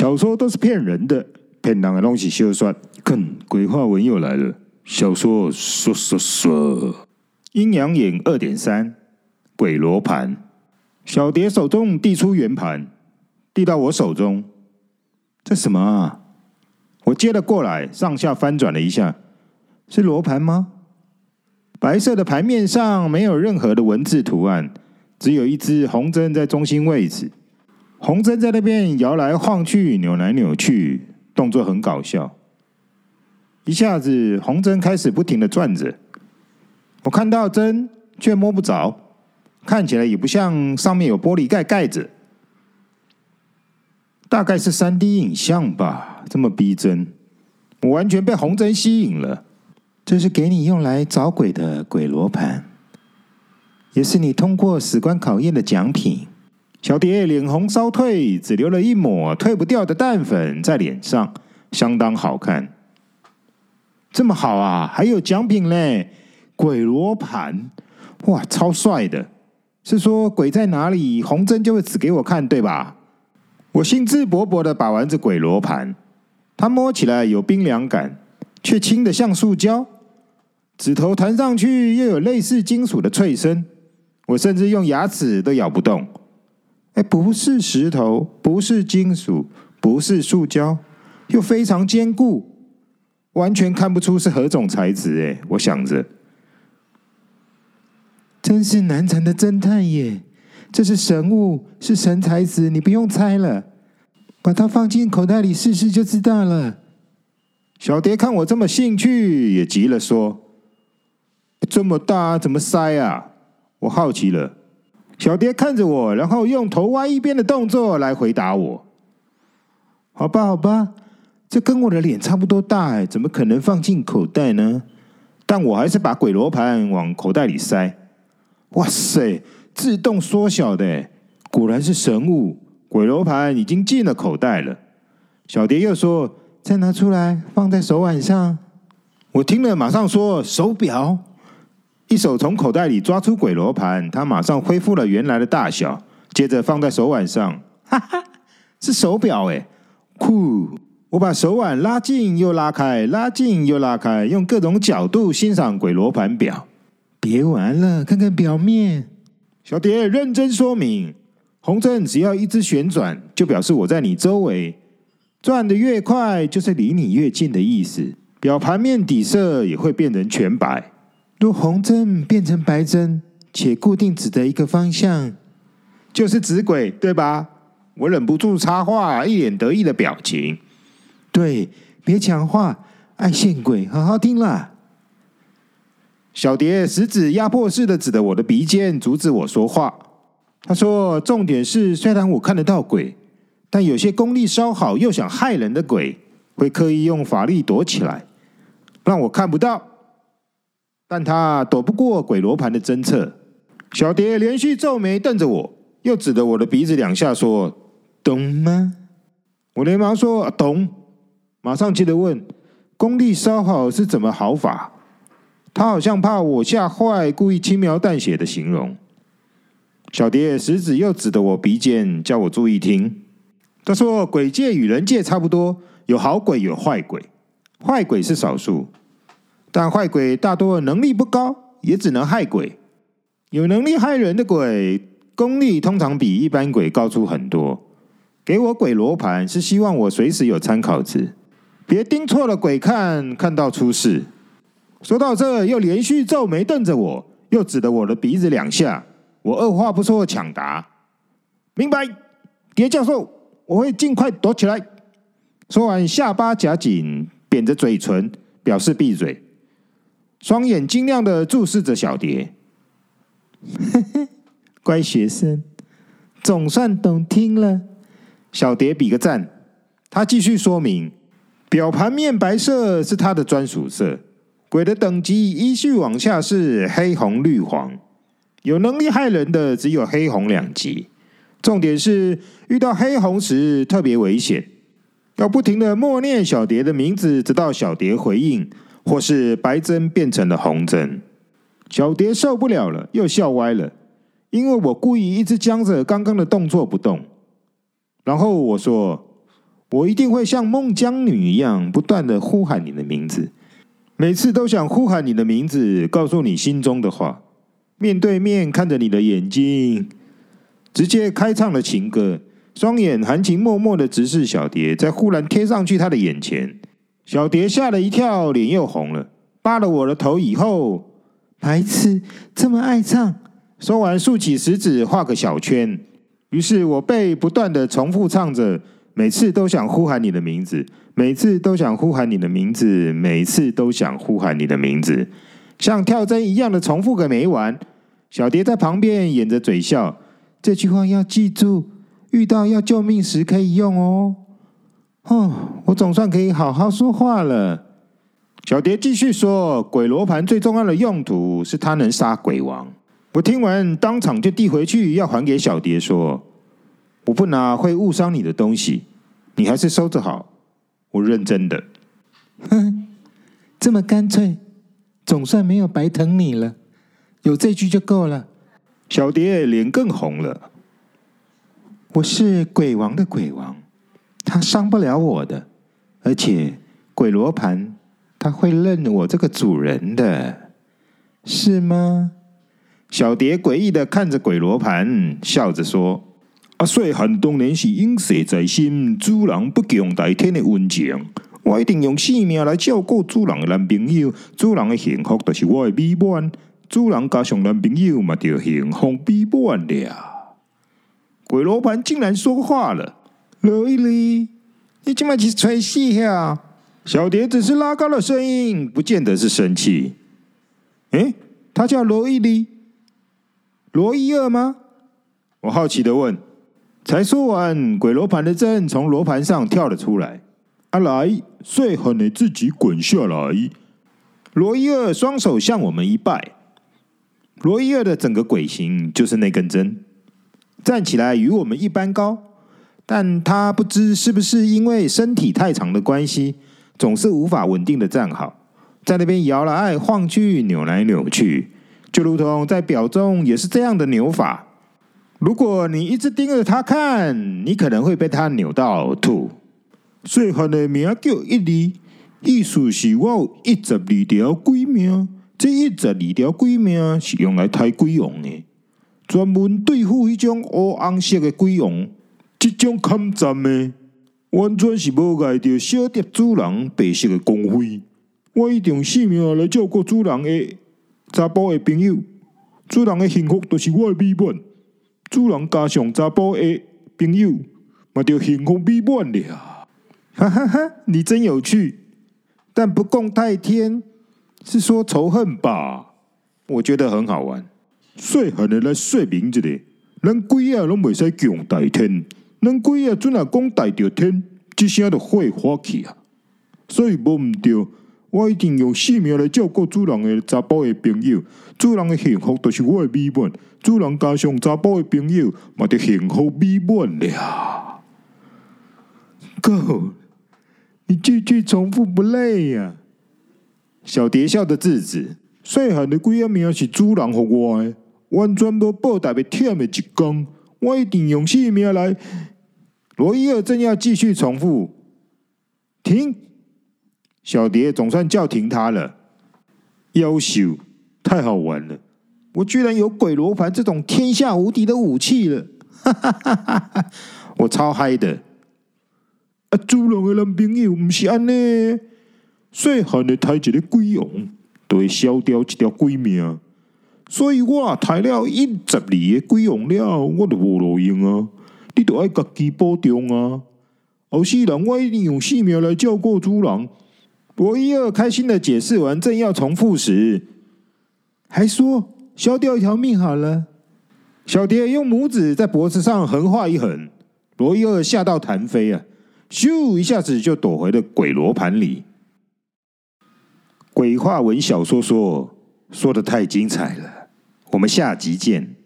小說都是騙人的，騙人的東西休說。看鬼話文又來了，小說說說說。陰陽眼二點三，鬼羅盤。小蝶手中遞出圓盤，遞到我手中。這什麼啊？我接了過來，上下翻轉了一下，是羅盤嗎？白色的盤面上沒有任何的文字圖案，只有一支紅針在中心位置。紅針在那邊搖來晃去、扭來扭去，動作很搞笑。一下子，紅針開始不停的轉着，我看到針卻摸不着，看起來也不像上面有玻璃蓋蓋著，大概是三 D 影像吧，這麼逼真，我完全被紅針吸引了。這是給你用來找鬼的鬼羅盤，也是你通過十關考驗的獎品。小蝶臉紅稍退，只留了一抹退不掉的淡粉在臉上，相當好看。這麼好啊！還有獎品呢！鬼羅盤，哇，超帥的！是說鬼在哪裡，紅針就會指給我看，對吧？我興致勃勃的把玩着鬼羅盤，它摸起來有冰涼感，卻輕的像塑膠，指頭彈上去又有類似金屬的脆聲，我甚至用牙齒都咬不動。哎，不是石頭，不是金屬，不是塑膠，又非常堅固，完全看不出是何種材質。哎，我想着，真是難纏的偵探耶！這是神物，是神材質，你不用猜了，把它放進口袋裡試試就知道了。小蝶看我這麼興趣，也急了說，說：“這麼大，怎麼塞啊？”我好奇了。小蝶看着我，然後用頭歪一邊的動作來回答我。好吧，好吧，這跟我的臉差不多大哎，怎麼可能放進口袋呢？但我還是把鬼羅盤往口袋裡塞。哇塞，自動縮小的哎，果然是神物。鬼羅盤已經進了口袋了。小蝶又說：“再拿出來，放在手腕上。”我聽了馬上說：“手錶。”一手從口袋裡抓出鬼羅盤，他馬上恢復了原來的大小，接着放在手腕上，哈哈，是手表哎，酷！我把手腕拉近又拉開，拉近又拉開，用各種角度欣賞鬼羅盤表。別玩了，看看表面。小蝶認真說明：紅針只要一直旋轉，就表示我在你周圍，轉得越快，就是離你越近的意思。表盤面底色也會變成全白。若紅針變成白針，且固定指的一個方向，就是指鬼，對吧？我忍不住插話，一臉得意的表情。對，別講話，愛現鬼，好好聽啦！小蝶食指壓迫似的指着我的鼻尖，阻止我說話。他說：“重點是，雖然我看得到鬼，但有些功力稍好又想害人的鬼，會刻意用法力躲起來，讓我看不到。”但他躲不過鬼羅盤的偵測。小蝶連續皺眉瞪着我，又指着我的鼻子兩下說：“懂嗎？”我連忙說、啊：“懂。”馬上記得問：“功力稍好是怎麼好法？”他好像怕我嚇壞，故意輕描淡寫的形容。小蝶食指又指着我鼻尖，叫我注意聽。他說：“鬼界與人界差不多，有好鬼有壞鬼，壞鬼是少數。”但壞鬼大多能力不高，也只能害鬼。有能力害人的鬼，功力通常比一般鬼高出很多。給我鬼羅盤，是希望我隨時有參考值，別盯錯了鬼看，看到出事。說到這，又連續皺眉瞪着我，又指着我的鼻子兩下。我二話不說搶答：明白，蝶教授，我會儘快躲起來。說完，下巴夾緊，扁着嘴唇，表示閉嘴。雙眼晶亮的注視着小蝶。嘿嘿，乖學生，總算懂聽了。小蝶比個讚。他繼續說明：表盤面白色是他的專屬色。鬼的等級依序往下是黑、紅、綠、黃。有能力害人的只有黑、紅兩級。重點是遇到黑、紅時特別危險，要不停的默念小蝶的名字，直到小蝶回應。或是白針變成了紅針，小蝶受不了了，又笑歪了。因為我故意一直僵着剛剛的動作不動，然後我說：“我一定會像孟姜女一樣，不斷的呼喊你的名字，每次都想呼喊你的名字，告訴你心中的話。面對面看着你的眼睛，直接開唱了情歌，雙眼含情脈脈的直視小蝶，在忽然貼上去她的眼前。”小蝶嚇了一跳，臉又紅了。扒了我的頭以後，白痴這麼愛唱。說完，豎起食指畫個小圈。於是，我被不斷的重複唱着每，每次都想呼喊你的名字，每次都想呼喊你的名字，每次都想呼喊你的名字，像跳針一樣的重複個沒完。小蝶在旁邊掩着嘴笑。這句話要記住，遇到要救命時可以用哦。哦，oh, 我總算可以好好說話了。小蝶繼續說：“鬼羅盤最重要的用途是它能殺鬼王。”我聽完當場就遞回去，要還給小蝶說：“我不拿會誤傷你的東西，你還是收着好。”我認真的。哼， 這麼乾脆，總算沒有白疼你了。有這句就夠了。小蝶臉更紅了。我是鬼王的鬼王。他傷不了我的，而且鬼羅盤他會認我這個主人的，是嗎？小蝶詭異地看着鬼羅盤，笑着說：“阿帥很多年是陰蛇在心，主人不共戴天的溫情，我一定用性命來照顧主人的男朋友，主人的幸福就是我的美滿，主人加上男朋友嘛，就幸福美滿了。”鬼羅盤竟然說話了。羅伊裡，你今晚去吹戲哈？小蝶只是拉高了聲音，不見得是生氣。誒、欸、他叫羅伊裡，羅伊爾嗎？我好奇地問。才說完，鬼羅盤的針從羅盤上跳了出來。阿、啊、來，睡好你自己滾下來。羅伊爾雙手向我們一拜。羅伊爾的整個鬼形就是那根針，站起來與我們一般高。但他不知是不是因為身體太長的關係，總是無法穩定的站好，在那邊搖來晃去，扭來扭去，就如同在表中也是這樣的扭法。如果你一直盯着他看，你可能會被他扭到吐。最後的名叫一釐，意思是我有一十二條鬼命，這一十二條鬼命是用來抬鬼王的，專門對付一種烏昂色的鬼王。這種抗戰的完全是無礙着小蝶，主人白色的光輝。我一定使命啊來照顧主人的查甫的朋友，主人的幸福都是我的美滿。主人加上查甫的朋友，嘛着幸福美滿的啊！哈哈哈，哈，你真有趣。但不共戴天是說仇恨吧？我覺得很好玩。最好的來說明一下，連鬼啊攏袂使共戴天。人貴也准阿講，帶着天，一聲就火發氣啊！所以無毋着，我一定用性命來照顧主人的查甫的朋友，主人的幸福就是我的美滿，主人加上查甫的朋友嘛，着幸福美滿了。哥，你句句重複不累呀、啊？小蝶笑着制止，細漢的規個命是主人給我，誒，完全無報答的忝的一工。我一定勇氣沒有來。羅伊爾正要繼續重複，停！小蝶總算叫停他了。夭壽，太好玩了！我居然有鬼羅盤這種天下無敵的武器了，哈哈哈，哈，我超嗨的！啊，主人的男朋友不是安尼，最好的抬隻隻鬼王，就會削掉一條鬼命。所以我抬了一十二個鬼王了，我都無路用啊！你都愛自己保重啊！後世人我一定用細苗來救過豬郎。羅伊爾開心地解釋完，正要重複時，還說：“消掉一條命好了。”小蝶用拇指在脖子上橫畫一橫，羅伊爾嚇到彈飛啊！咻，一下子就躲回了鬼羅盤裡。鬼話文小說說說得太精彩了。我們下集見。